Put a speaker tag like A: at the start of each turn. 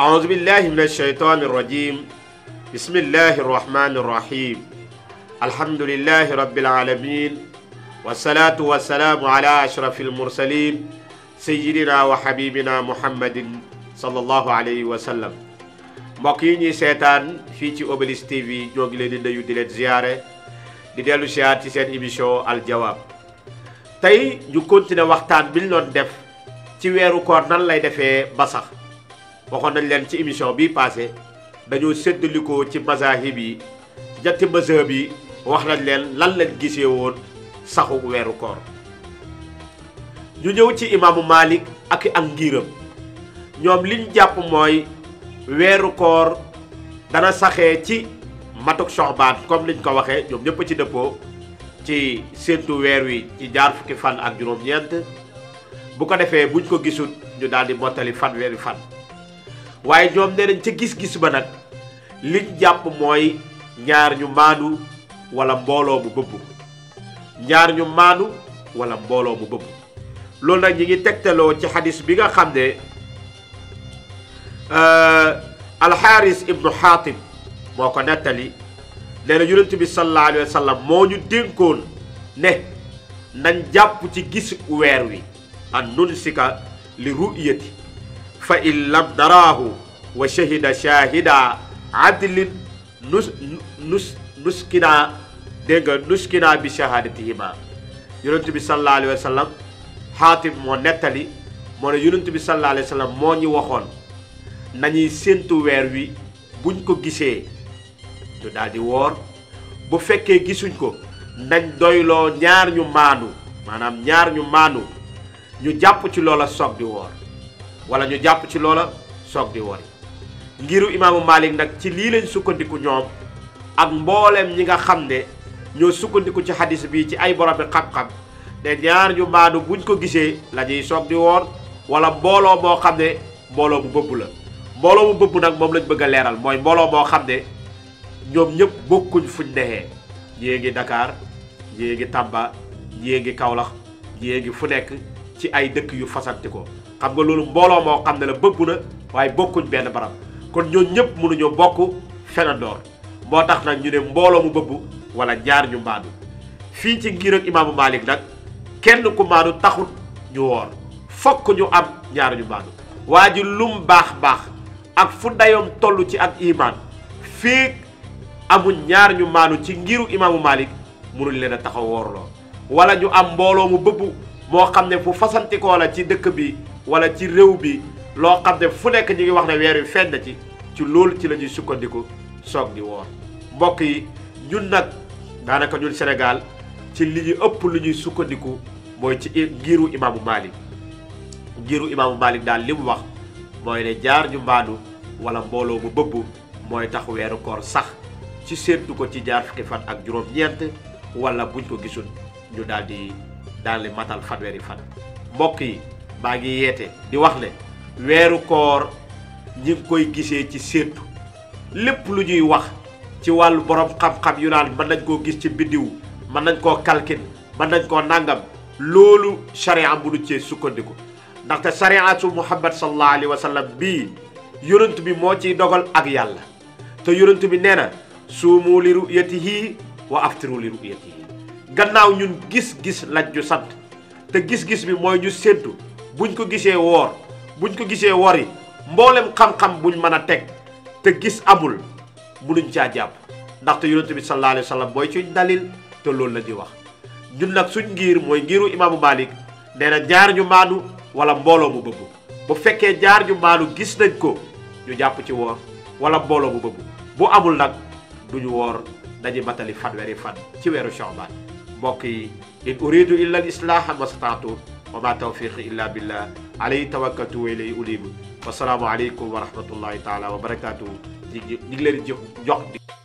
A: أعوذ بالله من الشيطان الرجيم بسم الله الرحمن الرحيم الحمد لله رب العالمين والصلاة والسلام على أشرف المرسلين سيدنا وحبيبنا محمد صلى الله عليه وسلم مكيني سيتان في تي أوبليس تي في نوغلين دي يدلت زيارة دي ديالو سياتي سين إبشو الجواب تاي نكونتنا وقتان بلون دف تي ويرو كورنان لاي دفه بصخ waxoon nañ leen ci émission bi passé dañoo séddalikoo ci mazahib yi jatti mazhab yi wax nañ leen lan lañ gisee woon saxu weeru koor ñu ñëw ci imaamu Malik ak ak ngiiram ñoom liñ jàpp mooy weeru koor dana saxee ci matuk soxbaan comme liñ ko waxee ñoom ñëpp ci dëppoo ci séentu weer wi ci jaar fukki fan ak juróom-ñeent bu ko defee buñ ko gisul ñu daal di mottali fan weeri fan waaye ñoom nee nañ ca gis-gis ba nag liñ jàpp mooy ñaar ñu maandu wala mbooloo mu bëbb ñaar ñu maandu wala mbooloo mu bëbb loolu nag ñi ngi tegtaloo ci xadis bi nga xam ne euh, alxaaris ibnu xaatim moo ko nettali nee na yonent bi sallallahu alayhi wa moo ñu dénkoon ne nañ jàpp ci gis weer wi an nunsika li ru'yati fa il lam naraahu wa shahida shahida adlin nus nus nuskina dégg nga nuskina bi shahadatihima yonent bi sallallahu alayhi wa moo nettali moo ne yonent bi sallallahu alayhi moo ñu waxoon nañuy séntu weer wi buñ ko gisee ñu daal woor bu fekkee gisuñ ko nañ doyloo ñaar ñu maanu maanaam ñaar ñu maanu ñu jàpp ci loola soog di woor wala ñu jàpp ci loola soog di wori ngiru imaamu Malik nag ci lii lañ sukkandiku ñoom ak mbooleem ñi nga xam ne ñoo sukkandiku ci xadis bii ci ay boromi xam-xam te ñaar ñu maandu buñ ko gisee la ñuy soog di woor wala mbooloo moo xam ne mbooloo mu bëbb la mbooloo mu bëbb nag moom lañ bëgg a leeral mooy mbooloo moo xam ne ñoom ñëpp bokkuñ fuñ nexee ñée ngi Dakar ñée ngi Tamba ñée ngi Kaolack ñée ngi fu nekk ci ay dëkk yu fasanti ko xam nga loolu mbooloo moo xam na la bëgg na waaye bokkuñ benn baram kon ñooñu ñëpp mënuñoo bokk fenandoor moo tax nag ñu ne mbooloo mu bëgg wala ñaar ñu maandu fii ci ngir ak imaamu Malik nag kenn ku maandu taxut ñu woor fokk ñu am ñaar ñu maandu waa ji lum baax baax ak fu dayoom toll ci ak imaan fii amul ñaar ñu maandu ci ngiru imaamu Malik mënuñ leen a taxaw woorloo ñu am mbooloo mu bëgg boo xam ne fu fasantikoo la ci dëkk bi wala ci réew bi loo xam ne fu nekk ñu ngi wax ne weer wi feeñ ci ci loolu ci lañuy sukkandiku soog di woor mbokk yi ñun nag daanaka ñun Sénégal ci li ñu ëpp lu ñuy sukkandiku mooy ci giiru imaamu Malik giiru imaamu Malik daal lim wax mooy ne jaar ñu mbaanu wala mbooloo mu bëbb mooy tax weeru koor sax ci séentu ko ci jaar fukki ak juróom-ñeent wala buñ ko gisul ñu daal di. daal di matal fanweeri fan mbokk yi maa ngi yeete di wax ne weeru koor ñi ngi koy gisee ci seetu lépp lu ñuy wax ci wàllu boroom xam-xam yu naan mën nañ koo gis ci biddiw mën nañ koo kalkin mën nañ koo nàngam loolu charia bu du cee sukkandiku ndaxte chariatu muhammad sallallahu alayhi wa sallam bii yonent bi moo ciy dogal ak yàlla te yonent bi nee na suumu li ru'yatihi wa aftiru li ru'yatihi gannaaw ñun gis-gis laj ju sant te gis-gis bi mooy ñu séddu buñ ko gisee woor buñ ko gisee wori mboolem xam-xam buñ mëna tek te gis amul munuñ caa ndax te yonente bi sallallahu alayhi wasallam boy ci dalil te loolu la di wax ñun nak suñ ngir moy ngiru imam malik neena jaar ñaar ñu maanu wala mbolo mu bëgg bu fekke jaar ju maadu gis nañ ko ñu japp ci woor wala mbolo mu bëgg bu amul nak duñu woor dañuy matali fan ci wéru بقي إن أريد إلا الإصلاح ما وما توفيقي إلا بالله عليه توكلت وإليه أليم والسلام عليكم ورحمة الله تعالى وبركاته نيجي نيجي